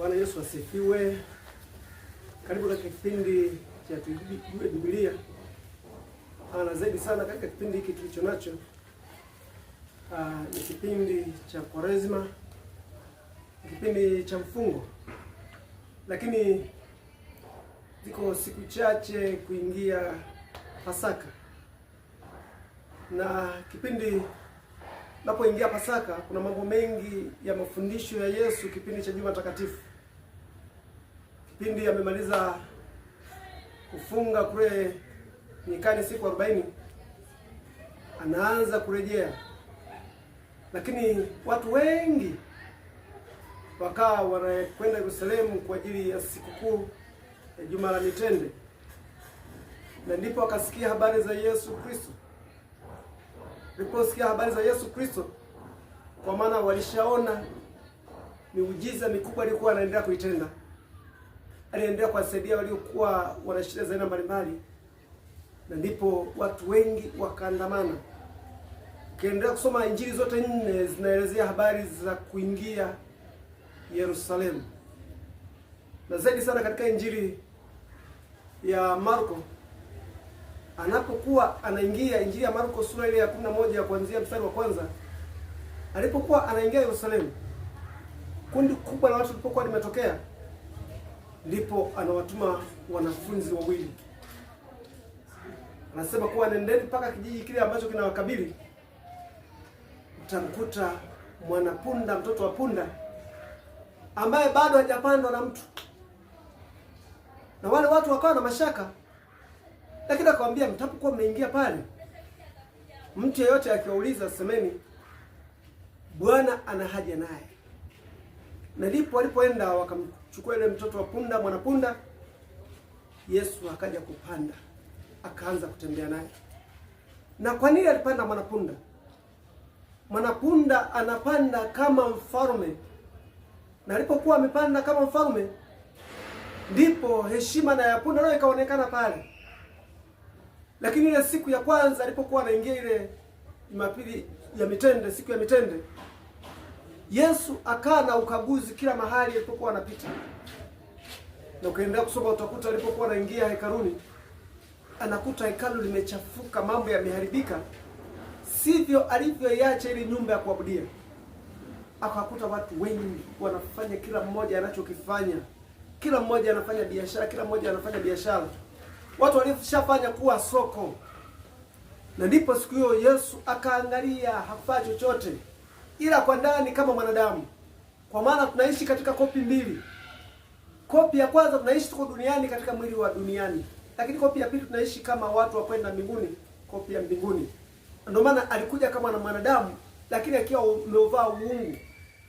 Bwana Yesu asifiwe. Karibu katika kipindi cha Tujue Biblia na zaidi sana katika kipindi hiki tulicho nacho ah, ni kipindi cha Kwaresma, kipindi cha mfungo, lakini ziko siku chache kuingia Pasaka na kipindi napoingia Pasaka kuna mambo mengi ya mafundisho ya Yesu kipindi cha Juma Takatifu Pindi amemaliza kufunga kule nyikani siku arobaini, anaanza kurejea, lakini watu wengi wakawa wanakwenda Yerusalemu kwa ajili ya sikukuu ya Juma la Mitende, na ndipo akasikia habari za Yesu Kristo. Waliposikia habari za Yesu Kristo, kwa maana walishaona miujiza mikubwa alikuwa anaendelea kuitenda aliendelea kuwasaidia waliokuwa wana shida za aina mbalimbali, na ndipo watu wengi wakaandamana. Ukiendelea kusoma Injili zote nne zinaelezea habari za kuingia Yerusalemu, na zaidi sana katika Injili ya Marko anapokuwa anaingia, Injili ya Marko sura ile ya moja kuanzia mstari wa kwanza, alipokuwa anaingia Yerusalemu, kundi kubwa la watu lilipokuwa limetokea ndipo anawatuma wanafunzi wawili, anasema kuwa nendeni mpaka kijiji kile ambacho kinawakabili, mtamkuta mwanapunda, mtoto wa punda ambaye bado hajapandwa na mtu. Na wale watu wakawa na mashaka, lakini akawambia, mtapokuwa mmeingia pale, mtu yeyote akiwauliza, semeni Bwana ana haja naye. Na ndipo walipoenda chukua ile mtoto wa punda, mwanapunda. Yesu akaja kupanda, akaanza kutembea naye. Na kwa nini alipanda mwanapunda? Mwanapunda anapanda kama mfalme, na alipokuwa amepanda kama mfalme, ndipo heshima na ya punda nayo ikaonekana pale. Lakini ile siku ya kwanza alipokuwa anaingia ile Jumapili ya mitende, siku ya mitende Yesu akaa na ukaguzi kila mahali alipokuwa anapita, na ukaendelea kusoma utakuta alipokuwa anaingia hekaluni anakuta hekalu limechafuka, mambo yameharibika, sivyo alivyoiacha ili nyumba ya kuabudia. Akakuta watu wengi wanafanya, kila mmoja anachokifanya, kila mmoja anafanya biashara, kila mmoja anafanya biashara, watu walishafanya kuwa soko. Na ndipo siku hiyo Yesu akaangalia, hakufanya chochote ila kwa ndani kama mwanadamu, kwa maana tunaishi katika kopi mbili. Kopi ya kwanza tunaishi tuko duniani katika mwili wa duniani, lakini kopi ya pili tunaishi kama watu wa kwenda mbinguni, kopi ya mbinguni. Ndio maana alikuja kama na mwanadamu, lakini akiwa umeovaa uungu.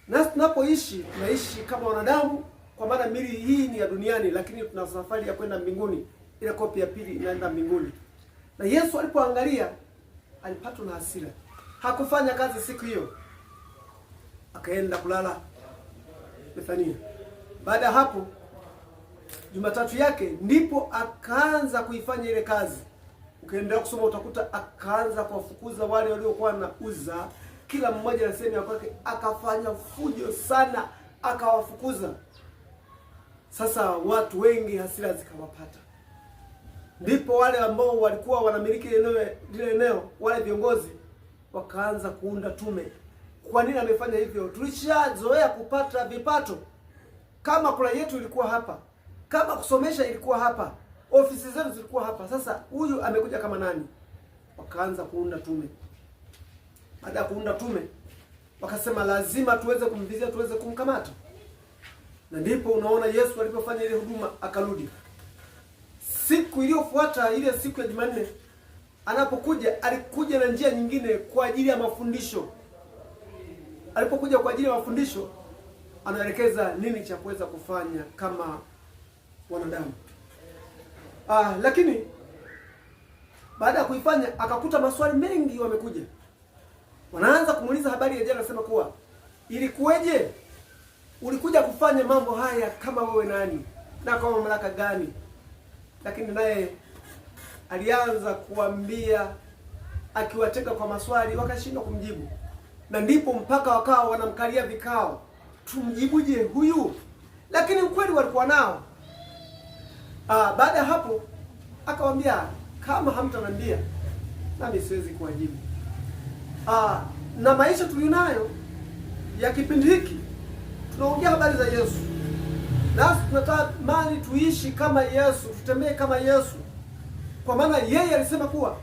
Nasi tunapoishi tunaishi kama wanadamu, kwa maana mili hii ni ya duniani, lakini tuna safari ya kwenda mbinguni, ila kopi ya pili inaenda mbinguni. Na Yesu alipoangalia alipatwa na hasira, hakufanya kazi siku hiyo akaenda kulala Bethania. Baada ya hapo, Jumatatu yake ndipo akaanza kuifanya ile kazi. Ukiendelea kusoma utakuta akaanza kuwafukuza wale waliokuwa wanauza, kila mmoja na sehemu ya kwake, akafanya fujo sana, akawafukuza. Sasa watu wengi hasira zikawapata, ndipo wale ambao walikuwa wanamiliki eneo lile eneo, wale viongozi wakaanza kuunda tume kwa nini amefanya hivyo? Tulishazoea kupata vipato. Kama kula yetu ilikuwa hapa, kama kusomesha ilikuwa hapa, ofisi zetu zilikuwa hapa. Sasa huyu amekuja kama nani? Wakaanza kuunda tume. Baada ya kuunda tume, wakasema lazima tuweze kumvizia, tuweze kumkamata, na ndipo unaona Yesu alipofanya ile huduma, akarudi siku iliyofuata, ile siku ya Jumanne. Anapokuja alikuja na njia nyingine kwa ajili ya mafundisho alipokuja kwa ajili ya mafundisho anaelekeza nini cha kuweza kufanya kama wanadamu. Ah, lakini baada ya kuifanya akakuta maswali mengi wamekuja, wanaanza kumuuliza habari ya jana, anasema kuwa ilikuweje? Ulikuja kufanya mambo haya kama wewe nani na kwa mamlaka gani? Lakini naye alianza kuambia akiwatega kwa maswali, wakashindwa kumjibu na ndipo mpaka wakawa wanamkalia vikao, tumjibuje huyu? Lakini ukweli walikuwa nao. Ah, baada ya hapo akawambia kama hamtaniambia nami siwezi kuwajibu. Ah, na maisha tulionayo ya kipindi hiki tunaongea habari za Yesu, nasi tunatamani tuishi kama Yesu, tutembee kama Yesu, kwa maana yeye alisema kuwa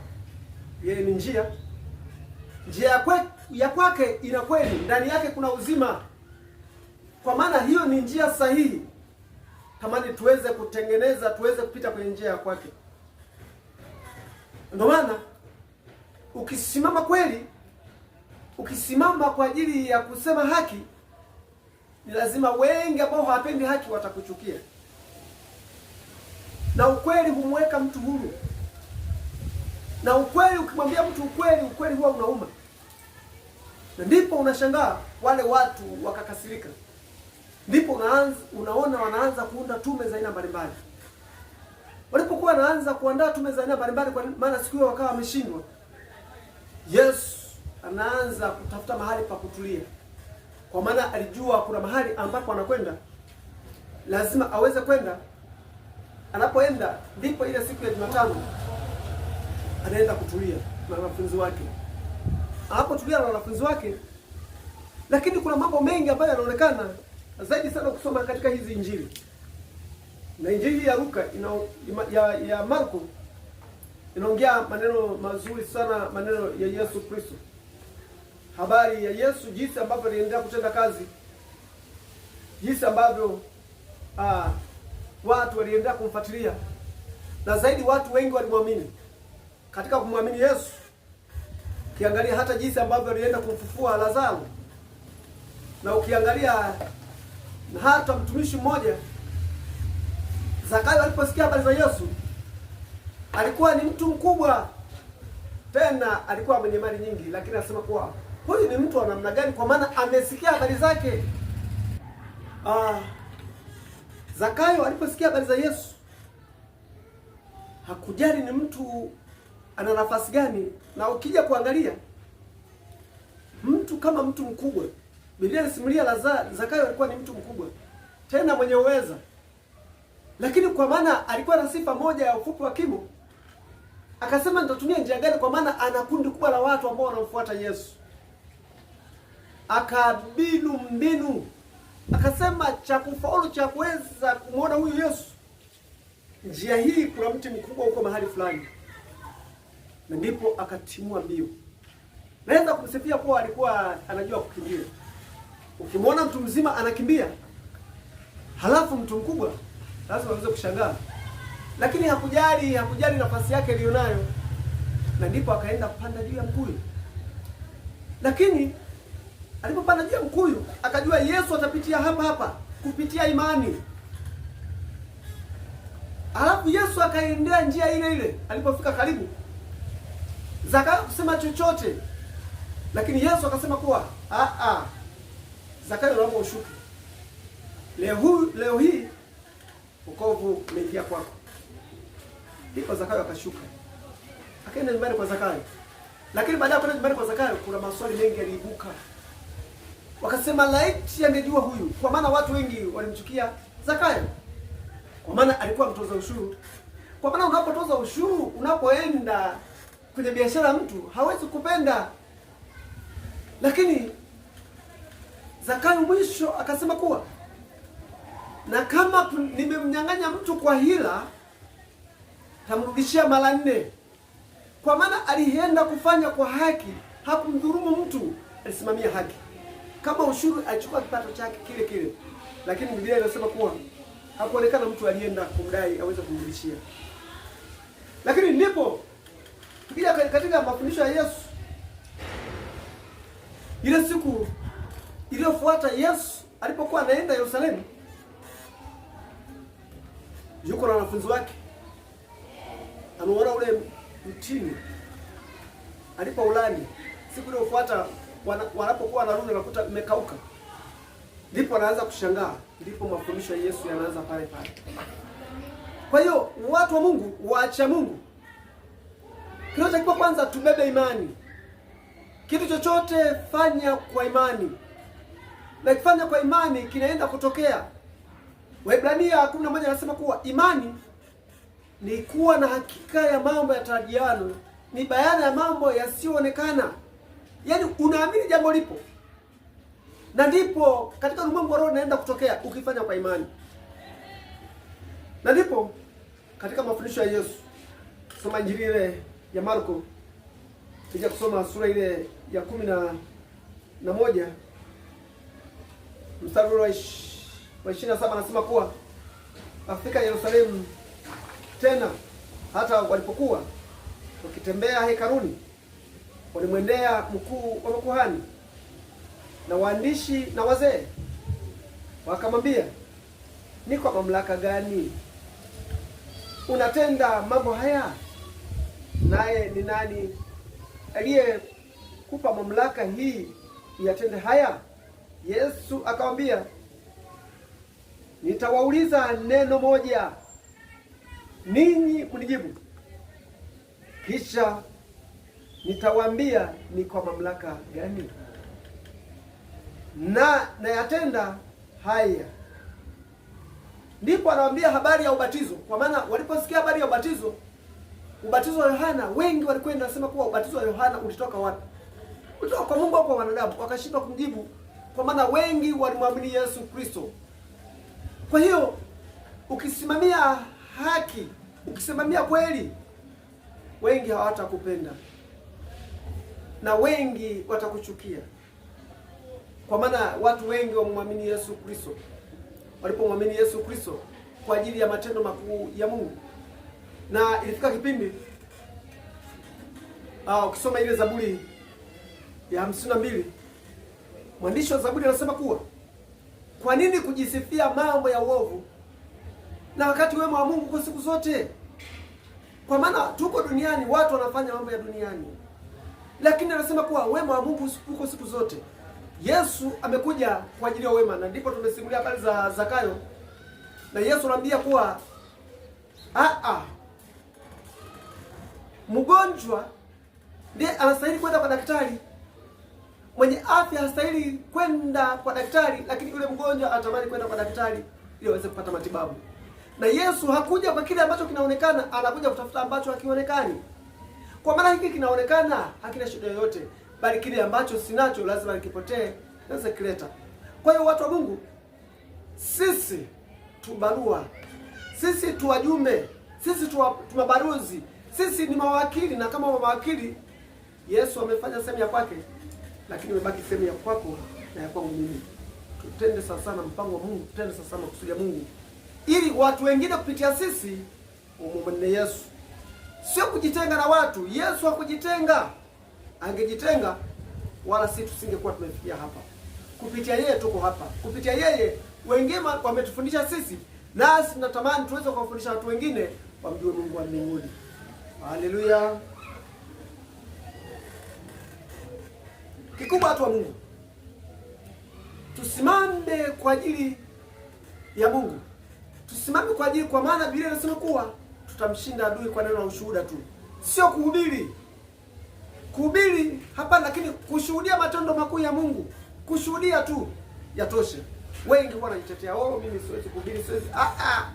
yeye ni njia, njia ya kweli ya kwake ina kweli, ndani yake kuna uzima. Kwa maana hiyo ni njia sahihi. Tamani tuweze kutengeneza, tuweze kupita kwenye njia ya kwake. Ndio maana ukisimama kweli, ukisimama kwa ajili ya kusema haki, ni lazima wengi ambao hawapendi haki watakuchukia, na ukweli humweka mtu huru, na ukweli, ukimwambia mtu ukweli, ukweli huwa unauma na ndipo unashangaa wale watu wakakasirika, ndipo unaanza, unaona wanaanza kuunda tume za aina mbalimbali. Walipokuwa wanaanza kuandaa tume za aina mbalimbali, kwa maana siku hiyo wakawa wameshindwa, Yesu anaanza kutafuta mahali pa kutulia, kwa maana alijua kuna mahali ambapo anakwenda lazima aweze kwenda. Anapoenda ndipo ile siku ya Jumatano anaenda kutulia na wanafunzi wake anapotulia na wanafunzi wake, lakini kuna mambo mengi ambayo yanaonekana zaidi sana kusoma katika hizi Injili na Injili ya Luka ina, ya, ya Marko inaongea maneno mazuri sana, maneno ya Yesu Kristo, habari ya Yesu, jinsi ambavyo aliendelea kutenda kazi, jinsi ambavyo ah, watu waliendelea kumfuatilia na zaidi, watu wengi walimwamini. Katika kumwamini Yesu Ukiangalia hata jinsi ambavyo alienda kumfufua Lazaro, na ukiangalia hata mtumishi mmoja Zakayo aliposikia habari za Yesu, alikuwa ni mtu mkubwa, tena alikuwa mwenye mali nyingi, lakini anasema kuwa huyu ni mtu wa namna gani? Kwa maana amesikia habari zake. Ah, Zakayo aliposikia habari za Yesu hakujali ni mtu ana nafasi gani? Na ukija kuangalia mtu kama mtu mkubwa, Biblia inasimulia Lazaro, Zakayo alikuwa ni mtu mkubwa tena mwenye uweza, lakini kwa maana alikuwa na sifa moja ya ufupi wa kimo, akasema nitatumia njia gani? Kwa maana ana kundi kubwa la watu ambao wanamfuata Yesu. Akabinu mbinu, akasema cha kufaulu cha kuweza kumwona huyu Yesu, njia hii, kuna mti mkubwa huko mahali fulani na ndipo akatimua mbio. Naweza kumsifia kuwa alikuwa anajua kukimbia. Ukimwona mtu mzima anakimbia halafu mtu mkubwa, lazima aweze kushangaa, lakini hakujali, hakujali nafasi yake aliyonayo, na ndipo akaenda kupanda juu ya mkuyu. Lakini alipopanda juu ya mkuyu akajua Yesu atapitia hapa hapa kupitia imani. Halafu Yesu akaendea njia ile ile, alipofika karibu Zakayo kusema chochote, lakini Yesu akasema kuwa a ah, a, ah, Zakayo naomba ushuke leo, leo hii ukovu umeingia kwako. Ndipo Zakayo akashuka akaenda nyumbani kwa Zakayo, lakini baada ya kwenda nyumbani kwa Zakayo kuna maswali mengi yaliibuka. Wakasema, laiti angejua huyu, kwa maana watu wengi walimchukia Zakayo, kwa maana alikuwa mtoza ushuru. Kwa maana unapotoza ushuru, unapoenda kwenye biashara mtu hawezi kupenda, lakini Zakayo mwisho akasema kuwa na kama nimemnyang'anya mtu kwa hila tamrudishia mara nne, kwa maana alienda kufanya kwa haki, hakumdhurumu mtu, alisimamia haki. Kama ushuru alichukua kipato chake kile kile, lakini Biblia inasema kuwa hakuonekana mtu alienda kumdai aweze kumrudishia. Lakini ndipo Tukija katika mafundisho ya Yesu, ile siku iliyofuata Yesu alipokuwa anaenda Yerusalemu, yuko na wanafunzi wake, anaona ule mtini alipo ulani. Siku iliyofuata wanapokuwa wanarudi, wanakuta imekauka, ndipo anaanza kushangaa, ndipo mafundisho ya Yesu yanaanza pale pale. Kwa hiyo watu wa Mungu, waacha Mungu Kinachotakiwa kwanza tubebe imani. Kitu chochote fanya kwa imani, na kifanya kwa imani kinaenda kutokea. Waibrania 11 anasema kuwa imani ni kuwa na hakika ya mambo ya tarajiano ni bayana ya mambo yasiyoonekana. Yaani unaamini jambo lipo, na ndipo katika ulimwengu wa roho inaenda kutokea ukifanya kwa imani, na ndipo katika mafundisho ya Yesu soma Injili ile ya Marko kija kusoma sura ile ya kumi na moja mstari wa ishirini na saba anasema kuwa afika Yerusalemu tena, hata walipokuwa wakitembea hekaruni, walimwendea mkuu wa makuhani na waandishi na wazee, wakamwambia, ni kwa mamlaka gani unatenda mambo haya? naye ni nani aliyekupa mamlaka hii yatende haya? Yesu akamwambia, nitawauliza neno moja, ninyi mnijibu, kisha nitawaambia ni kwa mamlaka gani na nayatenda haya. Ndipo anawaambia habari ya ubatizo, kwa maana waliposikia habari ya ubatizo Ubatizo wa Yohana, wengi walikwenda wanasema kuwa ubatizo wa Yohana ulitoka wapi? Ulitoka kwa Mungu au kwa wanadamu? Wakashindwa kumjibu, kwa maana wengi walimwamini Yesu Kristo. Kwa hiyo ukisimamia haki, ukisimamia kweli, wengi hawatakupenda na wengi watakuchukia, kwa maana watu wengi wamwamini Yesu Kristo. Walipomwamini Yesu Kristo kwa ajili ya matendo makuu ya Mungu na ilifika kipindi ah, ukisoma ile Zaburi ya hamsini na mbili mwandishi wa Zaburi anasema kuwa kwa nini kujisifia mambo ya uovu na wakati wema wa Mungu kwa siku zote? Kwa maana tuko duniani, watu wanafanya mambo ya duniani, lakini anasema kuwa wema wa Mungu uko siku zote. Yesu amekuja kwa ajili ya wema, na ndipo tumesimulia habari za Zakayo, na Yesu anaambia kuwa a ah, a ah, mgonjwa ndiye anastahili kwenda kwa daktari, mwenye afya anastahili kwenda kwa daktari, lakini yule mgonjwa anatamani kwenda kwa daktari ili aweze kupata matibabu. Na Yesu hakuja kwa kile ambacho kinaonekana, anakuja kutafuta ambacho hakionekani. Kwa maana hiki kinaonekana hakina shida yoyote, bali kile ambacho sinacho lazima nikipotee, naweza kileta. Kwa hiyo watu wa Mungu, sisi tubarua sisi tuwajume sisi tumabaruzi mabaruzi sisi ni mawakili, na kama mawakili Yesu amefanya sehemu ya kwake, lakini imebaki sehemu ya kwako na ya kwangu mimi. Tutende sana sana mpango wa Mungu, tutende sana sana kusudi Mungu, ili watu wengine kupitia sisi umwamini Yesu, sio kujitenga na watu. Yesu hakujitenga, angejitenga wala sisi tusingekuwa tumefikia hapa. Kupitia yeye tuko hapa, kupitia yeye wengine wametufundisha sisi, nasi tunatamani tuweze kuwafundisha watu wengine wamjue Mungu wa mbinguni. Haleluya. Kikubwa watu wa Mungu, tusimame kwa ajili ya Mungu, tusimame kwa ajili, kwa maana Biblia inasema kuwa tutamshinda adui kwa neno la ushuhuda tu, sio kuhubiri. Kuhubiri hapana, lakini kushuhudia matendo makuu ya Mungu, kushuhudia tu yatosha. Wengi wanajitetea, oh, mimi siwezi kuhubiri, siwezi ah, ah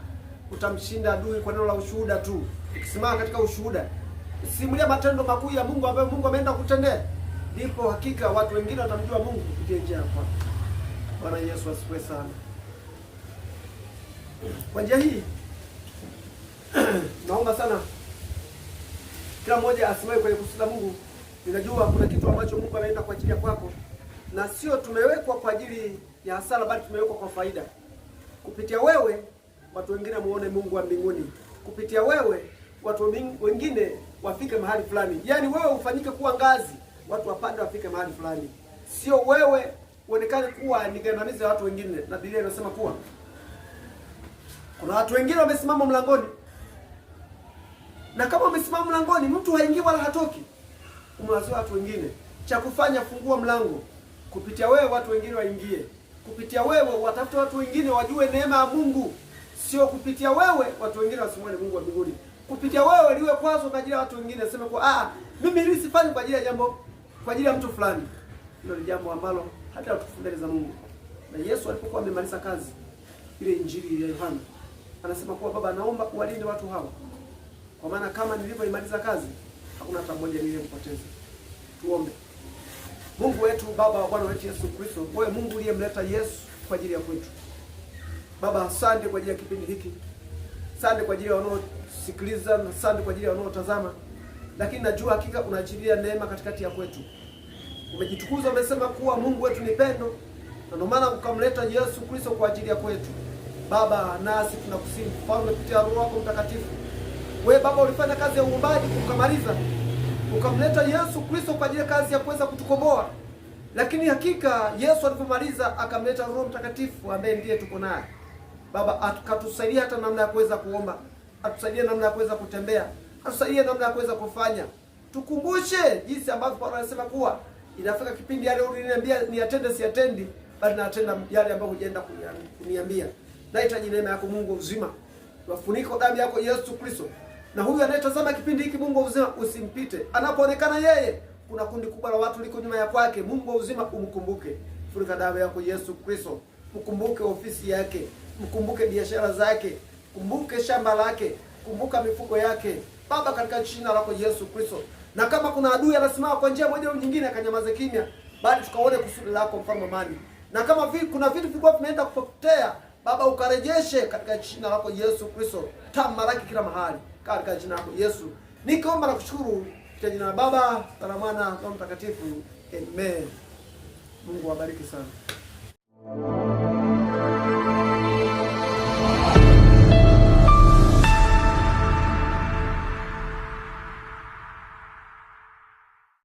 utamshinda adui kwa neno la ushuhuda tu, ukisimama katika ushuhuda, simulia matendo makuu ya Mungu ambayo Mungu ameenda kutendea, ndipo hakika watu wengine watamjua Mungu kupitia njia yako. Bwana Yesu asifiwe sana. Kwa njia hii naomba sana kila mmoja asimame kwenye kusudi la Mungu. Ninajua kuna kitu ambacho Mungu anaenda kwa ajili ya kwako, na sio tumewekwa kwa ajili ya hasara, bali tumewekwa kwa faida kupitia wewe watu wengine muone Mungu wa mbinguni kupitia wewe, watu wengine wafike mahali fulani. Yaani wewe ufanyike kuwa ngazi, watu wapande wafike mahali fulani, sio wewe uonekane kuwa ni gandamizi ya watu wengine. Na Biblia inasema kuwa kuna watu wengine wamesimama mlangoni, na kama wamesimama mlangoni, mtu haingii wala hatoki, umewazia watu wengine cha kufanya. Fungua mlango kupitia wewe, watu wengine waingie kupitia wewe, watafute watu wengine wajue neema ya Mungu sio kupitia wewe watu wengine wasimwone Mungu wa mbinguni, kupitia wewe liwe kwazo kwa ajili ya watu wengine, sema kwa ah, mimi hili sifanye kwa ajili ya jambo, kwa ajili ya mtu fulani. Hilo ni jambo ambalo hata watukufu za Mungu. Na Yesu alipokuwa amemaliza kazi ile injili ya Yohana, anasema kuwa Baba, naomba uwalinde watu hao, kwa maana kama nilivyoimaliza kazi hakuna hata mmoja niliyempoteza. Tuombe. Mungu wetu Baba wa Bwana wetu Yesu Kristo, wewe Mungu uliyemleta Yesu kwa ajili ya kwetu Baba, asante kwa ajili ya kipindi hiki, asante kwa ajili ya wanaosikiliza na asante kwa ajili ya wanaotazama, lakini najua hakika unaachilia neema katikati ya kwetu. Umejitukuza, umesema kuwa Mungu wetu ni pendo, na ndio maana ukamleta Yesu Kristo kwa ajili ya kwetu. Baba, nasi tunakusihi Mfalme kupitia Roho yako Mtakatifu. Wewe Baba, ulifanya kazi ya uumbaji kukamaliza, ukamleta Yesu Kristo kwa ajili ya kazi ya kuweza kutukomboa lakini hakika Yesu alipomaliza akamleta Roho Mtakatifu ambaye ndiye tuko naye. Baba atukatusaidia hata namna ya kuweza kuomba, atusaidie namna ya kuweza kutembea, atusaidie namna ya kuweza kufanya. Tukumbushe jinsi ambavyo Paulo anasema kuwa inafika kipindi yale uliniambia niatende siatendi, bali natenda yale ambayo hujaenda kuniambia. Nahitaji neema yako Mungu wa uzima, wafuniko damu yako Yesu Kristo. Na huyu anayetazama kipindi hiki Mungu wa uzima, usimpite anapoonekana yeye, kuna kundi kubwa la watu liko nyuma ya kwake. Mungu wa uzima, umkumbuke, funika damu yako Yesu Kristo, mkumbuke ofisi yake mkumbuke biashara zake, kumbuke shamba lake, kumbuka mifugo yake Baba, katika jina lako Yesu Kristo. Na kama kuna adui anasimama kwa njia moja au nyingine akanyamaze kimya, bali tukaone kusudi lako, mfalme amani. Na kama vi, kuna vitu vilikuwa vimeenda kupotea Baba, ukarejeshe katika jina lako Yesu Kristo, tamalaki kila mahali katika jina lako Yesu. Nikiomba na kushukuru kwa jina la Baba na la Mwana na Mtakatifu, amen. Mungu awabariki sana.